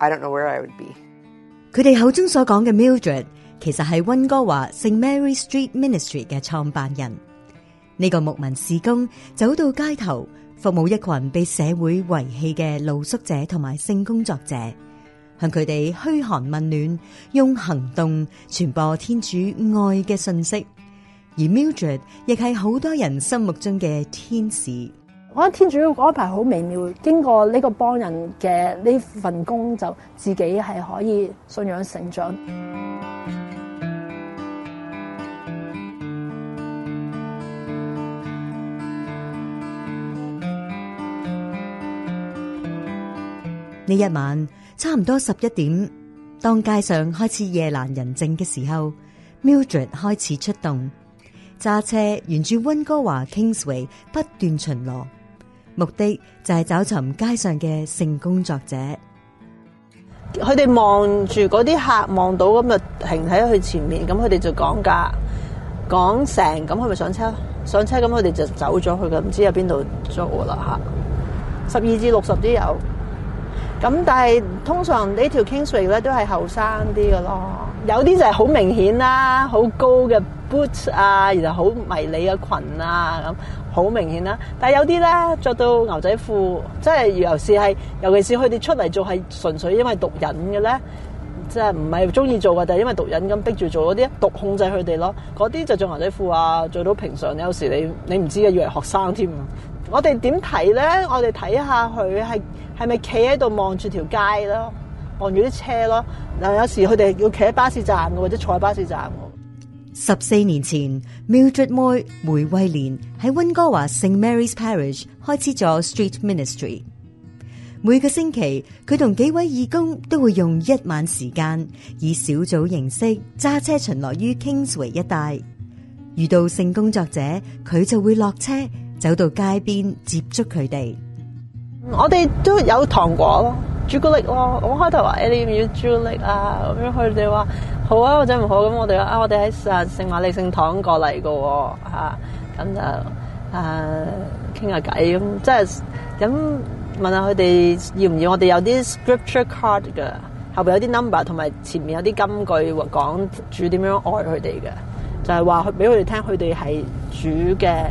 I don't know where I would be. 佢哋口中所講嘅 Mildred，其實係温哥華聖 Mary Street Ministry 嘅創辦人。呢、這個牧民事工走到街頭，服務一群被社會遺棄嘅露宿者同埋性工作者，向佢哋噓寒問暖，用行動傳播天主愛嘅信息。而 Mildred 亦係好多人心目中嘅天使。我覺得天主要嗰一排好微妙，經過呢個幫人嘅呢份工，就自己係可以信仰成長。呢一晚差唔多十一點，當街上開始夜闌人靜嘅時候，Mildred 開始出動揸車沿溫，沿住溫哥華 Kingsway 不斷巡邏。目的就係找尋街上嘅性工作者，佢哋望住嗰啲客望到咁，就停喺佢前面，咁佢哋就講價，講成咁佢咪上車，上車咁佢哋就走咗去，唔知喺邊度租啦吓，十二至六十都有。咁但係通常呢條 Kingsway 咧都係後生啲嘅咯，有啲就係好明顯啦，好高嘅 boot 啊，然後好迷你嘅裙啊，咁好明顯啦。但係有啲咧着到牛仔褲，即係尤其是係尤其是佢哋出嚟做係純粹因為毒癮嘅咧，即係唔係中意做嘅，但係因為毒癮咁逼住做嗰啲，毒控制佢哋咯。嗰啲就著牛仔褲啊，著到平常，有時你你唔知嘅，以為學生添啊。我哋點睇咧？我哋睇下佢係係咪企喺度望住條街咯，望住啲車咯。嗱，有時佢哋要企喺巴士站嘅，或者坐喺巴士站嘅。十四年前，Mildred Moy 梅威廉喺溫哥華聖 Mary's Parish 開始咗 Street Ministry。每個星期，佢同幾位義工都會用一晚時間，以小組形式揸車巡邏於 Kingsway 一帶。遇到性工作者，佢就會落車。走到街邊接觸佢哋，我哋都有糖果咯，朱古力咯。我開頭話：誒，你要唔要要朱古力啊，咁樣佢哋話好啊，或者唔好咁。我哋啊，我哋喺聖聖瑪麗聖堂過嚟噶，吓咁就誒傾下偈咁，即係咁、嗯、問下佢哋要唔要？我哋有啲 scripture card 噶，後邊有啲 number，同埋前面有啲金句話講主點樣愛佢哋嘅，就係話去俾佢哋聽他們是主的，佢哋係主嘅。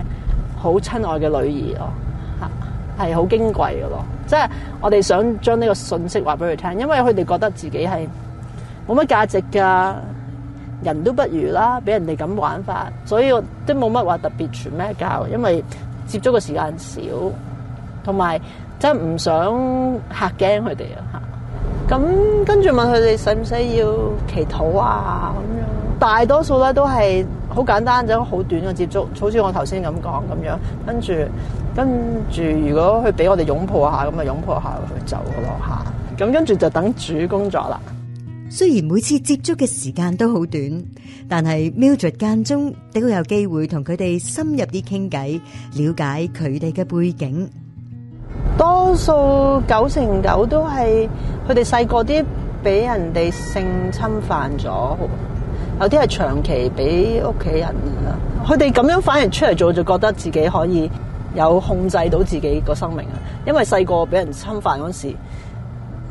好親愛嘅女兒咯，吓係好矜貴嘅咯，即係我哋想將呢個信息話俾佢聽，因為佢哋覺得自己係冇乜價值噶，人都不如啦，俾人哋咁玩法，所以我都冇乜話特別傳咩教，因為接觸嘅時間少，同埋真係唔想吓驚佢哋啊吓，咁跟住問佢哋使唔使要祈禱啊咁樣。大多數咧都係好簡單，咁好短嘅接觸，好似我頭先咁講咁樣，跟住跟住，如果佢俾我哋擁抱一下，咁啊擁抱下佢就走咗，咁跟住就等主工作啦。雖然每次接觸嘅時間都好短，但係 Mildred 間中都有機會同佢哋深入啲傾偈，了解佢哋嘅背景。多數九成九都係佢哋細個啲俾人哋性侵犯咗。有啲係長期俾屋企人，佢哋咁樣反而出嚟做，就覺得自己可以有控制到自己個生命啊！因為細個俾人侵犯嗰時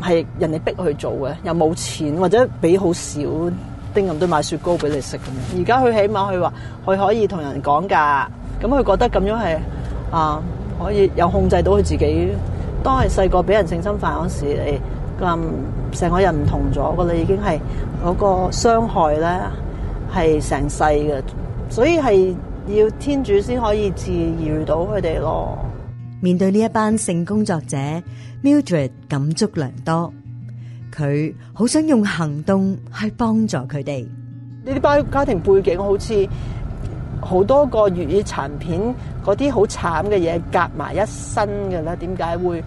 係人哋逼佢做嘅，又冇錢或者俾好少叮咁都買雪糕俾你食咁樣。而家佢起碼佢話佢可以同人講㗎，咁佢覺得咁樣係啊可以有控制到佢自己。當係細個俾人性侵犯嗰時嚟。你咁成個人唔同咗噶啦，已經係嗰個傷害咧，係成世嘅，所以係要天主先可以治癒到佢哋咯。面對呢一班性工作者，Mildred 感觸良多，佢好想用行動去幫助佢哋。呢啲班家庭背景好似好多個粵語殘片，嗰啲好慘嘅嘢夾埋一身噶啦，點解會？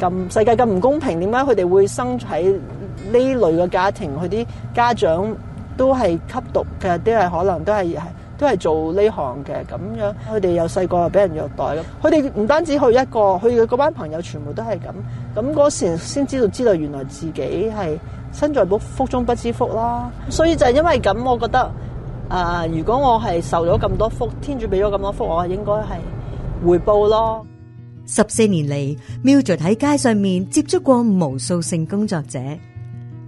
咁世界咁唔公平，點解佢哋會生喺呢類嘅家庭？佢啲家長都係吸毒嘅，都係可能都係都係做呢行嘅咁樣。佢哋又細個又俾人虐待咯。佢哋唔單止佢一個，佢嘅嗰班朋友全部都係咁。咁嗰時先知道，知道原來自己係身在福福中不知福啦。所以就係因為咁，我覺得啊、呃，如果我係受咗咁多福，天主俾咗咁多福，我應該係回報咯。十四年嚟，Mildred 喺街上面接觸過無數性工作者，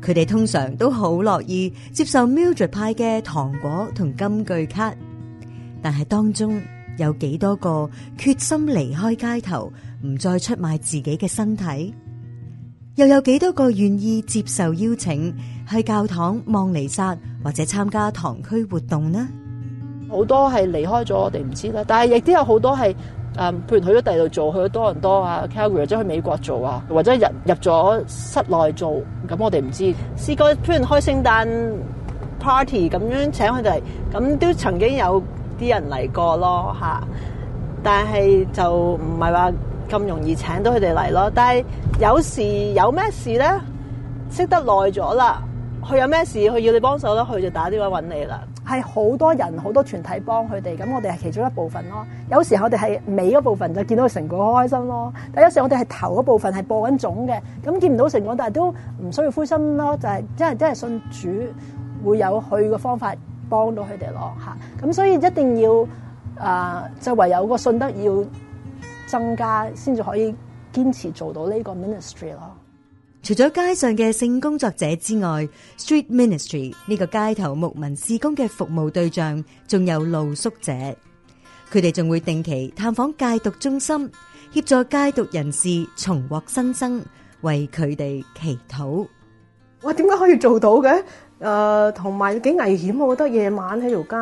佢哋通常都好樂意接受 Mildred 派嘅糖果同金句卡，但係當中有幾多個決心離開街頭，唔再出賣自己嘅身體，又有幾多個願意接受邀請去教堂望彌撒或者參加堂區活動呢？好多係離開咗，我哋唔知啦，但係亦都有好多係。誒，譬如去咗第二度做，去咗多倫多啊，Calgary 或者去美國做啊，或者入入咗室內做，咁我哋唔知。試過譬如開聖誕 party 咁樣請佢哋，咁都曾經有啲人嚟過咯嚇，但係就唔係話咁容易請到佢哋嚟咯。但係有時有咩事咧，識得耐咗啦，佢有咩事，佢要你幫手咧，佢就打電話揾你啦。係好多人，好多團體幫佢哋，咁我哋係其中一部分咯。有時候我哋係尾嗰部分就見到佢成果好開心咯，但有時候我哋係頭嗰部分係播緊種嘅，咁見唔到成果，但係都唔需要灰心咯。就係真係真係信主會有佢嘅方法幫到佢哋咯。吓，咁所以一定要啊、呃，就唯有個信德要增加，先至可以堅持做到呢個 ministry 咯。除咗街上嘅性工作者之外，Street Ministry，呢個街頭牧民事工嘅服務對象，仲有露宿者。佢哋仲會定期探訪戒毒中心，協助戒毒人士重獲新生，為佢哋祈禱。哇，點解可以做到嘅？誒，同埋幾危險，我覺得夜晚喺條街，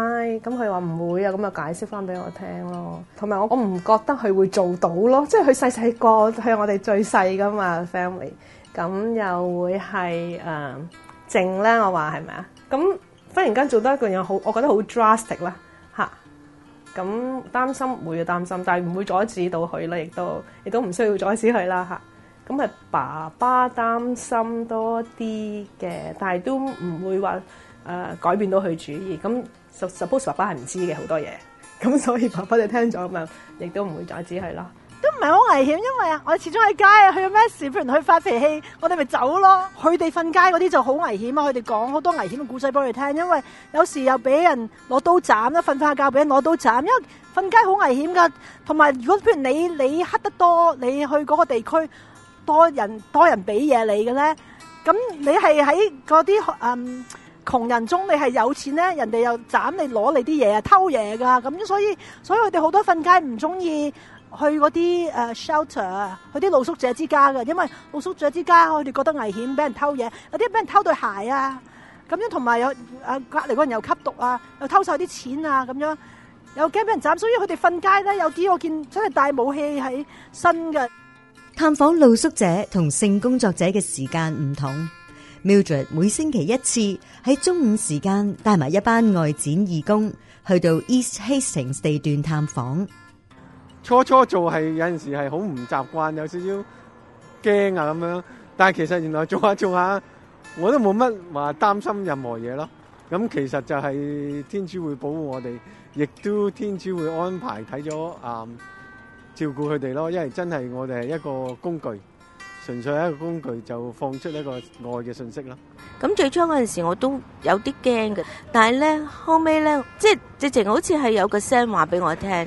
咁佢話唔會啊，咁啊解釋翻俾我聽咯。同埋我我唔覺得佢會做到咯，即係佢細細個，係我哋最細噶嘛，family。咁又會係誒靜咧，我話係咪啊？咁忽然間做得一個人好，我覺得好 drastic 啦嚇。咁擔心會要擔心，但係唔會阻止到佢啦，亦都亦都唔需要阻止佢啦嚇。咁係爸爸擔心多啲嘅，但係都唔會話、呃、改變到佢主意。咁 suppose 爸爸係唔知嘅好多嘢，咁所以爸爸就聽咗咁嘛，亦都唔會阻止佢啦。都唔係好危險，因為啊，我始終喺街啊，去有咩事？譬如佢發脾氣，我哋咪走咯。佢哋瞓街嗰啲就好危險啊！佢哋講好多危險嘅故仔俾你聽，因為有時又俾人攞刀斬啦，瞓翻下覺俾人攞刀斬，因為瞓街好危險噶。同埋如果譬如你你黑得多，你去嗰個地區多人多人俾嘢你嘅咧，咁你係喺嗰啲嗯窮人中，你係有錢咧，人哋又斬你攞你啲嘢啊，偷嘢噶咁，所以所以我哋好多瞓街唔中意。去嗰啲 shelter 啊，去啲露宿者之家嘅，因為露宿者之家我哋覺得危險，俾人偷嘢，有啲俾人偷對鞋啊，咁樣同埋有啊隔籬嗰人又吸毒啊，又偷晒啲錢啊，咁樣，又驚俾人斬，所以佢哋瞓街咧有啲我見真係帶武器喺身嘅。探訪露宿者同性工作者嘅時間唔同，Mildred 每星期一次喺中午時間帶埋一班外展義工去到 East Hastings 地段探訪。初初做係有陣時係好唔習慣，有少少驚啊咁樣。但係其實原來做下做下，我都冇乜話擔心任何嘢咯。咁其實就係天主會保護我哋，亦都天主會安排睇咗啊照顧佢哋咯。因為真係我哋係一個工具，純粹係一個工具，就放出呢個愛嘅信息咯。咁最初嗰陣時我都有啲驚嘅，但係咧後尾咧即係直情好似係有個聲話俾我聽。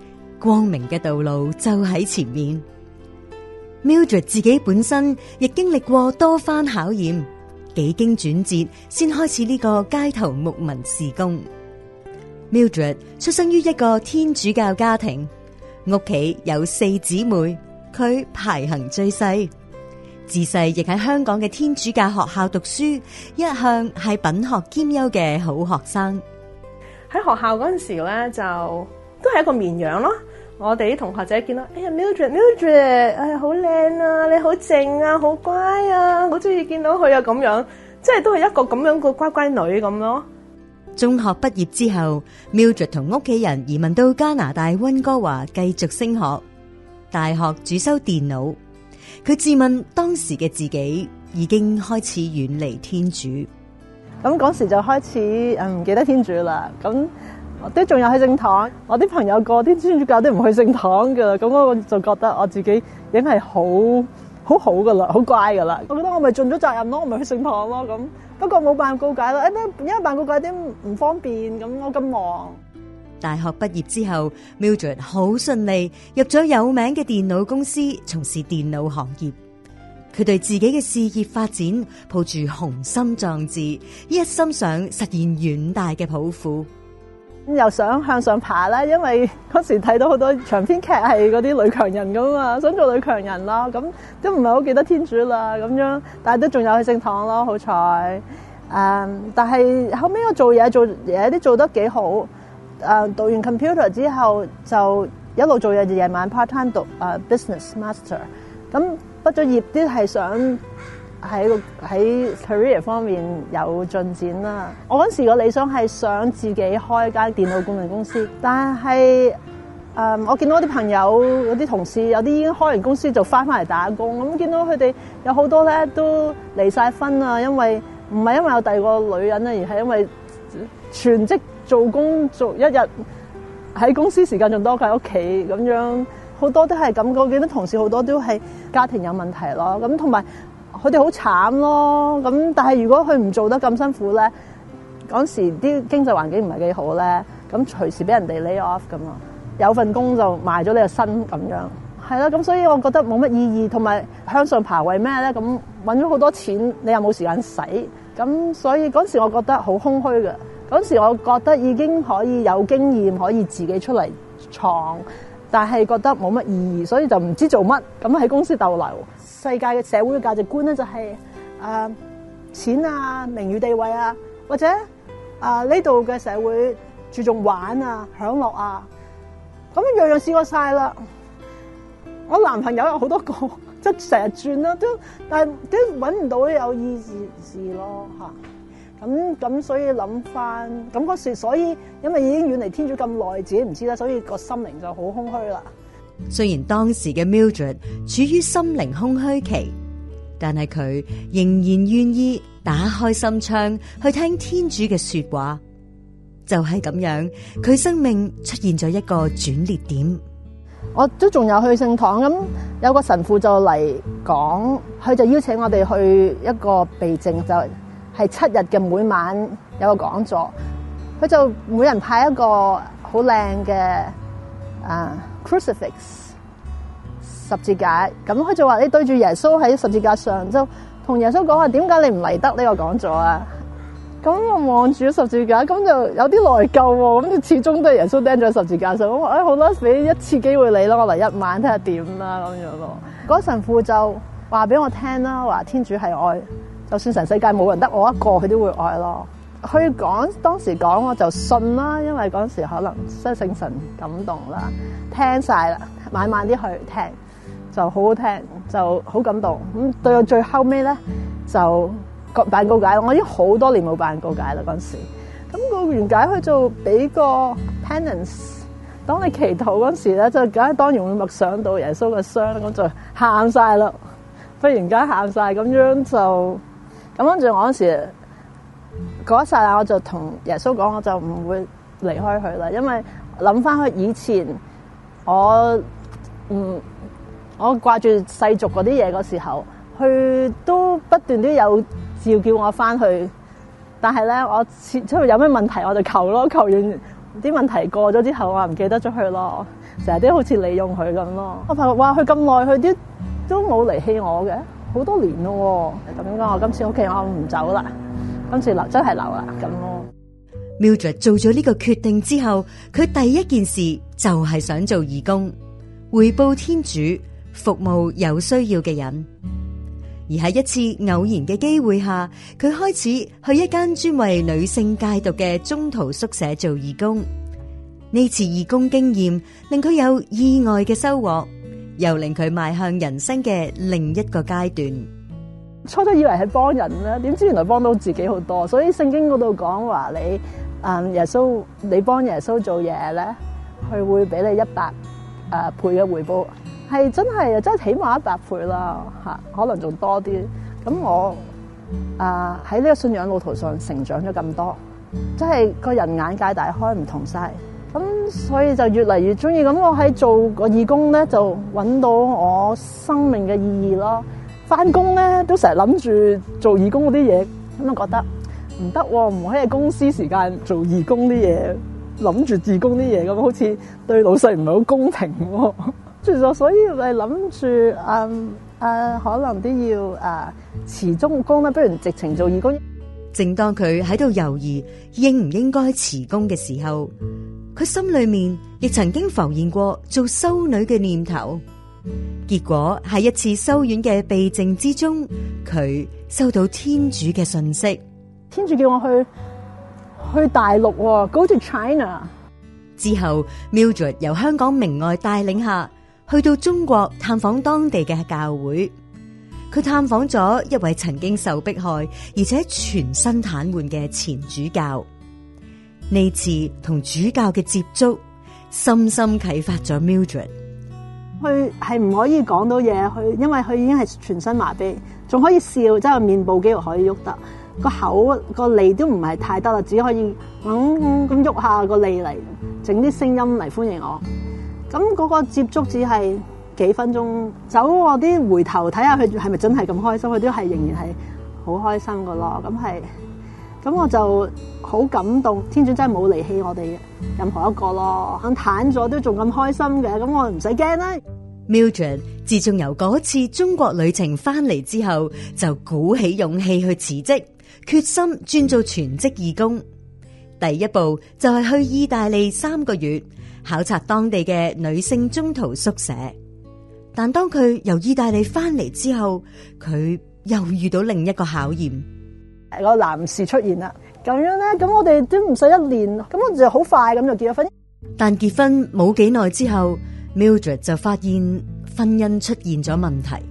光明嘅道路就喺前面。Mildred 自己本身亦經歷過多番考驗，幾經轉折先開始呢個街頭牧民事工。Mildred 出生於一個天主教家庭，屋企有四姊妹，佢排行最細。自細亦喺香港嘅天主教學校讀書，一向係品學兼優嘅好學生。喺學校嗰陣時咧，就。都係一個綿羊咯，我哋啲同學仔見到，哎呀，Mildred，Mildred，哎，好靚啊，你好靜啊，好乖啊，好中意見到佢啊咁樣，即係都係一個咁樣個乖乖女咁咯。中學畢業之後，Mildred 同屋企人移民到加拿大溫哥華，繼續升學。大學主修電腦，佢自問當時嘅自己已經開始遠離天主，咁嗰時就開始嗯、唔記得天主啦，咁。我啲仲有去聖堂，我啲朋友過啲天主教都唔去聖堂噶，咁我就覺得我自己已經係好好好噶啦，好乖噶啦。我覺得我咪盡咗責任咯，我咪去聖堂咯。咁不過冇辦告解啦，因為辦告解啲唔方便，咁我咁忙。大學畢業之後，Mildred 好順利入咗有名嘅電腦公司，從事電腦行業。佢對自己嘅事業發展抱住雄心壯志，一心想實現遠大嘅抱負。又想向上爬啦，因為嗰時睇到好多長篇劇係嗰啲女強人噶嘛，想做女強人咯。咁都唔係好記得天主啦，咁樣，但係都仲有去聖堂咯，好彩。誒、嗯，但係後尾我做嘢做嘢啲做得幾好。誒、呃，讀完 computer 之後就一路做嘢，就夜晚 part time 讀誒、呃、business master、嗯。咁畢咗業啲係想。喺喺 career 方面有進展啦。我嗰陣時個理想係想自己開一間電腦顧問公司但是，但係誒我見到啲朋友、嗰啲同事有啲已經開完公司就翻返嚟打工。咁、嗯、見到佢哋有好多咧都離晒婚啦，因為唔係因為有第二個女人咧，而係因為全職做工做一日喺公司時間仲多過喺屋企咁樣，好多都係咁。我見到同事好多都係家庭有問題咯，咁同埋。佢哋好慘咯，咁但係如果佢唔做得咁辛苦咧，嗰時啲經濟環境唔係幾好咧，咁隨時俾人哋 lay off 咁啊，有份工就賣咗你個身咁樣，係啦，咁所以我覺得冇乜意義，同埋向上爬為咩咧？咁搵咗好多錢，你又冇時間使，咁所以嗰時我覺得好空虛嘅，嗰時我覺得已經可以有經驗，可以自己出嚟創。但係覺得冇乜意義，所以就唔知做乜，咁喺公司逗留。世界嘅社會嘅價值觀咧就係誒錢啊、名譽地位啊，或者啊呢度嘅社會注重玩啊、享樂啊，咁樣樣試過晒啦。我男朋友有好多個，即係成日轉啦，都但係都揾唔到有意義事咯，嚇。咁咁所以諗翻咁嗰時，所以因為已經遠離天主咁耐，自己唔知啦，所以個心靈就好空虛啦。雖然當時嘅 Mildred 處於心靈空虛期，但係佢仍然願意打開心窗去聽天主嘅說話。就係咁樣，佢生命出現咗一個轉捩點。我都仲有去聖堂，咁有個神父就嚟講，佢就邀請我哋去一個避靜就。係七日嘅，每晚有個講座，佢就每人派一個好靚嘅啊 Crucifix 十字架，咁佢就話，你對住耶穌喺十字架上，就同耶穌講話，點解你唔嚟得呢個講座啊？咁我望住十字架，咁就有啲內疚喎，啊，咁就始終都係耶穌釘咗十字架上，咁誒、哎，好啦，俾一次機會你啦，我嚟一晚睇下點啦，咁樣咯。嗰神父就話俾我聽啦，話天主係愛。就算成世界冇人得我一個，佢都會愛咯。佢講當時講我就信啦，因為嗰時可能真係聖神感動啦，聽晒啦，慢慢啲去聽就好好聽，就好感動。咁到到最後尾咧，就辦告解，我已經好多年冇辦告解啦。嗰時咁告完解佢就俾個 penance，當你祈禱嗰時咧，就梗係當然會默想到耶穌嘅傷，咁就喊晒啦，忽然間喊晒咁樣就。咁跟住我嗰時嗰一剎，我就同耶穌講，我就唔會離開佢啦。因為諗翻去以前我，我唔我掛住世俗嗰啲嘢嘅時候，佢都不斷都有召叫我翻去。但係咧，我出去有咩問題我就求咯，求完啲問題過咗之後，我唔記得咗佢咯。成日都好似利用佢咁咯。我發覺哇，佢咁耐，佢都都冇離棄我嘅。好多年咯，咁樣，我今次屋企我唔走啦，今次留真係留啦咁咯。Mildred 做咗呢個決定之後，佢第一件事就係想做義工，回報天主，服務有需要嘅人。而喺一次偶然嘅機會下，佢開始去一間專為女性戒毒嘅中途宿舍做義工。呢次義工經驗令佢有意外嘅收穫。又令佢邁向人生嘅另一個階段。初初以為係幫人啦，點知原來幫到自己好多。所以聖經嗰度講話你，啊耶穌，你幫耶穌做嘢咧，佢會俾你一百誒倍嘅回報。係真係，真係起碼一百倍啦，吓可能仲多啲。咁我啊喺呢個信仰路途上成長咗咁多，真係個人眼界大開，唔同晒。咁所以就越嚟越中意咁，我喺做個義工咧，就揾到我生命嘅意義咯。翻工咧都成日諗住做義工嗰啲嘢，咁又覺得唔得喎，唔可以喺公司時間做義工啲嘢，諗住義工啲嘢咁，好似對老細唔係好公平喎。其實所以咪諗住誒誒，可能都要誒辭中工咧，不如直情做義工。正當佢喺度猶豫應唔應該辭工嘅時候。佢心裏面亦曾經浮現過做修女嘅念頭，結果喺一次修院嘅避靜之中，佢收到天主嘅訊息，天主叫我去去大陸，go to China。之後 Mildred 由香港明愛帶領下去到中國探訪當地嘅教會，佢探訪咗一位曾經受迫害而且全身癱瘓嘅前主教。呢次同主教嘅接觸，深深啟發咗 Mildred。佢係唔可以講到嘢，佢因為佢已經係全身麻痹，仲可以笑，即係面部肌肉可以喐得。個口個脷都唔係太多啦，只可以咁咁咁喐下個脷嚟，整啲聲音嚟歡迎我。咁嗰個接觸只係幾分鐘，走我啲回頭睇下佢係咪真係咁開心，佢都係仍然係好開心噶咯。咁係。咁我就好感動，天主真係冇離棄我哋任何一個咯，肯癱咗都仲咁開心嘅，咁我唔使驚啦。Mildred 自從由嗰次中國旅程翻嚟之後，就鼓起勇氣去辭職，決心專做全職義工。第一步就係去意大利三個月考察當地嘅女性中途宿舍，但當佢由意大利翻嚟之後，佢又遇到另一個考驗。個男士出現啦，咁樣咧，咁我哋都唔使一年，咁我就好快咁就結咗婚。但結婚冇幾耐之後，Mildred 就發現婚姻出現咗問題，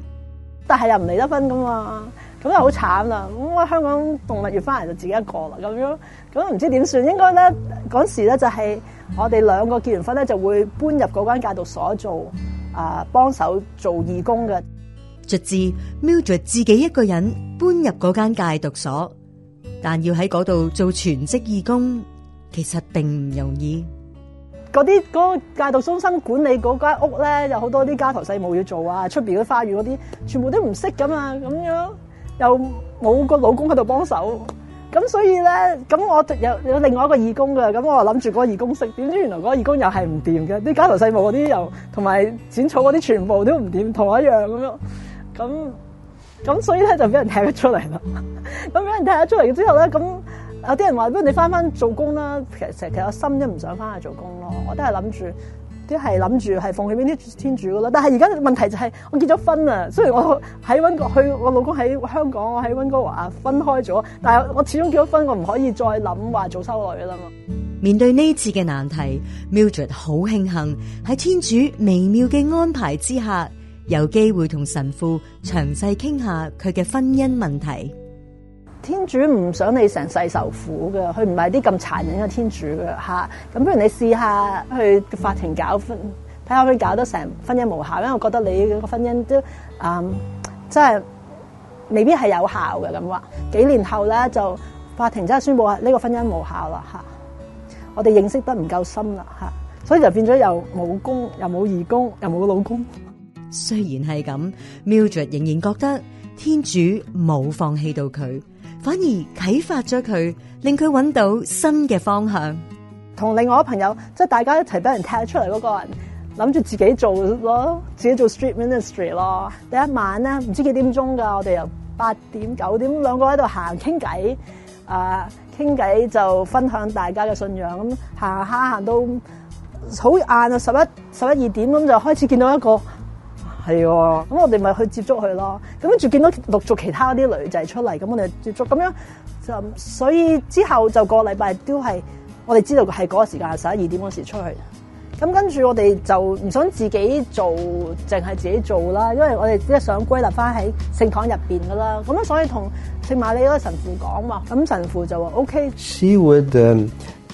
但係又唔離得婚噶嘛，咁又好慘啦。咁我香港動物越翻嚟就自己一個啦，咁樣，咁唔知點算？應該咧嗰時咧就係、是、我哋兩個結完婚咧就會搬入嗰間戒毒所做啊、呃、幫手做義工嘅。直至 Mildred 自己一個人搬入嗰間戒毒所，但要喺嗰度做全職義工，其實並唔容易。嗰啲嗰個戒毒中心管理嗰間屋咧，有好多啲家頭細務要做啊，出邊嗰花園嗰啲全部都唔識噶嘛，咁樣又冇個老公喺度幫手，咁所以咧，咁我有有另外一個義工噶，咁我諗住嗰個義工識，點知原來嗰個義工又係唔掂嘅，啲家頭細務嗰啲又同埋剪草嗰啲全部都唔掂，同我一樣咁樣。咁咁所以咧就俾人踢咗出嚟啦，咁 俾人踢咗出嚟之後咧，咁有啲人話，不如你翻翻做工啦，其實其實我心都唔想翻去做工咯，我都、就是、係諗住，都係諗住係奉獻俾啲天主噶咯。但係而家問題就係、是、我結咗婚啦，雖然我喺溫哥去，我老公喺香港，我喺溫哥華分開咗，但係我始終結咗婚，我唔可以再諗話做修女啦嘛。面對呢次嘅難題，Mildred 好慶幸喺天主微妙嘅安排之下。有機會同神父詳細傾下佢嘅婚姻問題。天主唔想你成世受苦嘅，佢唔係啲咁殘忍嘅天主嘅吓。咁不如你試下去法庭搞婚，睇下佢搞得成婚姻無效，因為我覺得你個婚姻都啊，即、嗯、係未必係有效嘅咁話。幾年後咧，就法庭真係宣布呢個婚姻無效啦。嚇，我哋認識得唔夠深啦嚇，所以就變咗又冇工，又冇義工，又冇老公。雖然係咁，Mildred 仍然覺得天主冇放棄到佢，反而啟發咗佢，令佢揾到新嘅方向。同另外一朋友即係大家一齊俾人踢出嚟嗰個人，諗住自己做咯，自己做 Street Ministry 咯。第一晚咧，唔知幾點鐘噶，我哋由八點九點兩個喺度行，傾偈，啊，傾偈就分享大家嘅信仰咁行下行下，行到好晏啊，十一十一二點咁就開始見到一個，係喎，咁 我哋咪去接觸佢咯。咁跟住見到陸續其他啲女仔出嚟，咁我哋接觸咁樣就，所以之後就個禮拜都係我哋知道係嗰個時間，十一二點嗰時出去。咁跟住我哋就唔想自己做，淨係自己做啦，因為我哋即係想歸納返喺聖堂入邊㗎啦。咁所以同聖瑪利嗰個神父講嘛，咁神父就話：OK。Okay, She would, um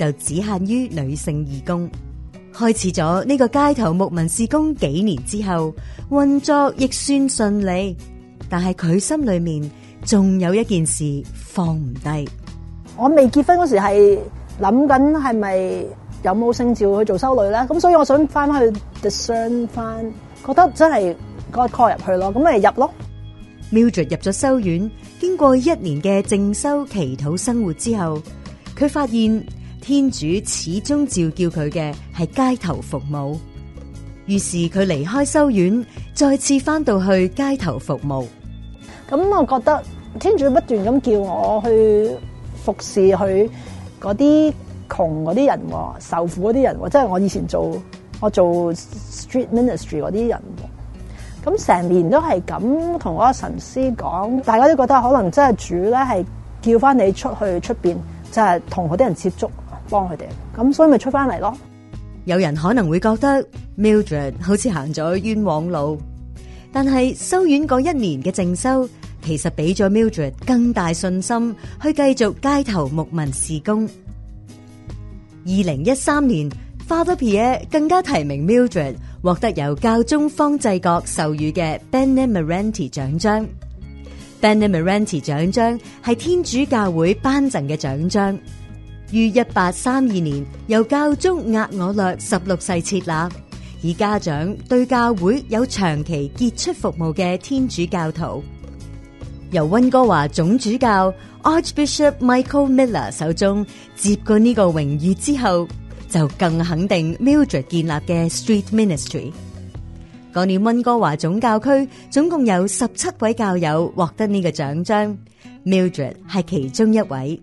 就只限於女性義工，開始咗呢個街頭牧民事工，幾年之後，運作亦算順利，但係佢心裏面仲有一件事放唔低。我未結婚嗰時係諗緊係咪有冇聖召去做修女咧？咁所以我想翻翻去 discern 翻，覺得真係該 call 入去咯，咁咪入咯。Mildred 入咗修院，經過一年嘅靜修祈禱生活之後，佢發現。天主始終召叫佢嘅係街頭服務，於是佢離開修院，再次翻到去街頭服務。咁我覺得天主不斷咁叫我去服侍佢嗰啲窮嗰啲人，受苦嗰啲人，即係我以前做我做 street ministry 嗰啲人。咁成年都係咁同嗰個神師講，大家都覺得可能真係主咧係叫翻你出去出邊，面就係同嗰啲人接觸。幫佢哋，咁所以咪出翻嚟咯。有人可能會覺得 Mildred 好似行咗冤枉路，但係修院嗰一年嘅靜修，其實俾咗 Mildred 更大信心去繼續街頭牧民事工。二零一三年，Father Pierre 更加提名 Mildred 獲得由教宗方濟各授予嘅 Benemerenti 獎章。Benemerenti 獎章係天主教會頒贈嘅獎章。於1832年，由教宗額我略16世設立，一家長對教會有長期傑出服務嘅天主教徒。由溫哥華總主教 Archbishop Michael Miller 手中，接過呢個榮譽之後，就更肯定 Mildred 建立嘅 Street Ministry。嗰年溫哥華總教區總共有17位教友獲得呢個獎章，Mildred 係其中一位。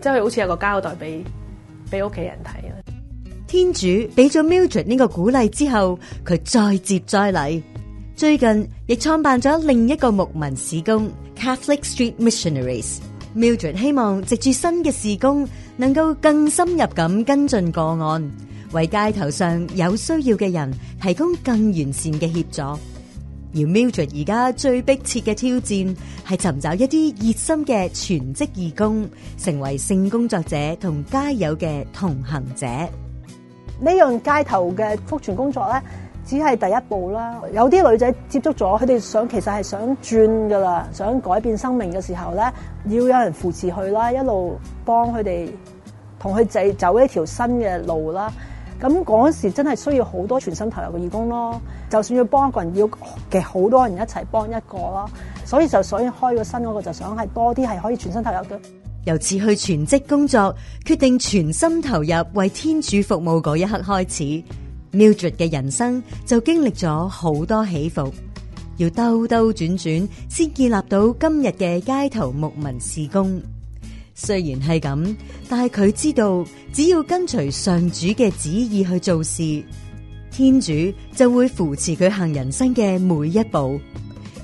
即係好似有個交代俾俾屋企人睇啦。天主俾咗 Mildred 呢個鼓勵之後，佢再接再厲，最近亦創辦咗另一個牧民事工 Catholic Street Missionaries。Mildred 希望藉住新嘅事工，能夠更深入咁跟進個案，為街頭上有需要嘅人提供更完善嘅協助。而 Mildred 而家最迫切嘅挑戰，係尋找一啲熱心嘅全職義工，成為性工作者同街友嘅同行者。呢樣街頭嘅福傳工作咧，只係第一步啦。有啲女仔接觸咗，佢哋想其實係想轉噶啦，想改變生命嘅時候咧，要有人扶持佢啦，一路幫佢哋同佢仔走一條新嘅路啦。咁嗰時真係需要好多全心投入嘅義工咯，就算要幫一個人，要嘅好多人一齊幫一個咯，所以就所以開個新嗰個就想係多啲係可以全心投入嘅。由辭去全職工作，決定全心投入為天主服務嗰一刻開始，Mildred 嘅人生就經歷咗好多起伏，要兜兜轉轉先建立到今日嘅街頭牧民事工。雖然係咁，但係佢知道，只要跟隨上主嘅旨意去做事，天主就會扶持佢行人生嘅每一步，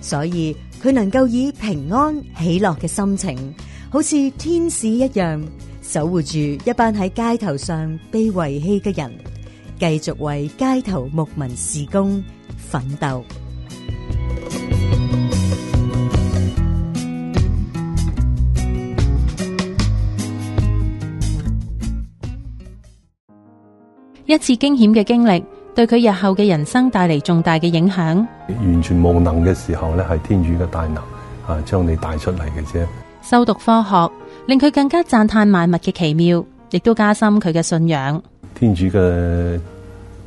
所以佢能夠以平安喜樂嘅心情，好似天使一樣，守護住一班喺街頭上被遺棄嘅人，繼續為街頭牧民事工奮鬥。一次驚險嘅經歷，對佢日後嘅人生帶嚟重大嘅影響。完全無能嘅時候咧，係天主嘅大能啊，將你帶出嚟嘅啫。修讀科學，令佢更加讚嘆萬物嘅奇妙，亦都加深佢嘅信仰。天主嘅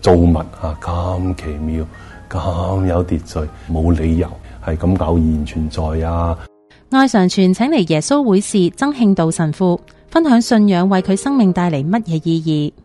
造物啊，咁奇妙，咁有秩序，冇理由係咁偶然存在啊。愛上傳，請嚟耶穌會士曾慶道神父分享信仰，為佢生命帶嚟乜嘢意義。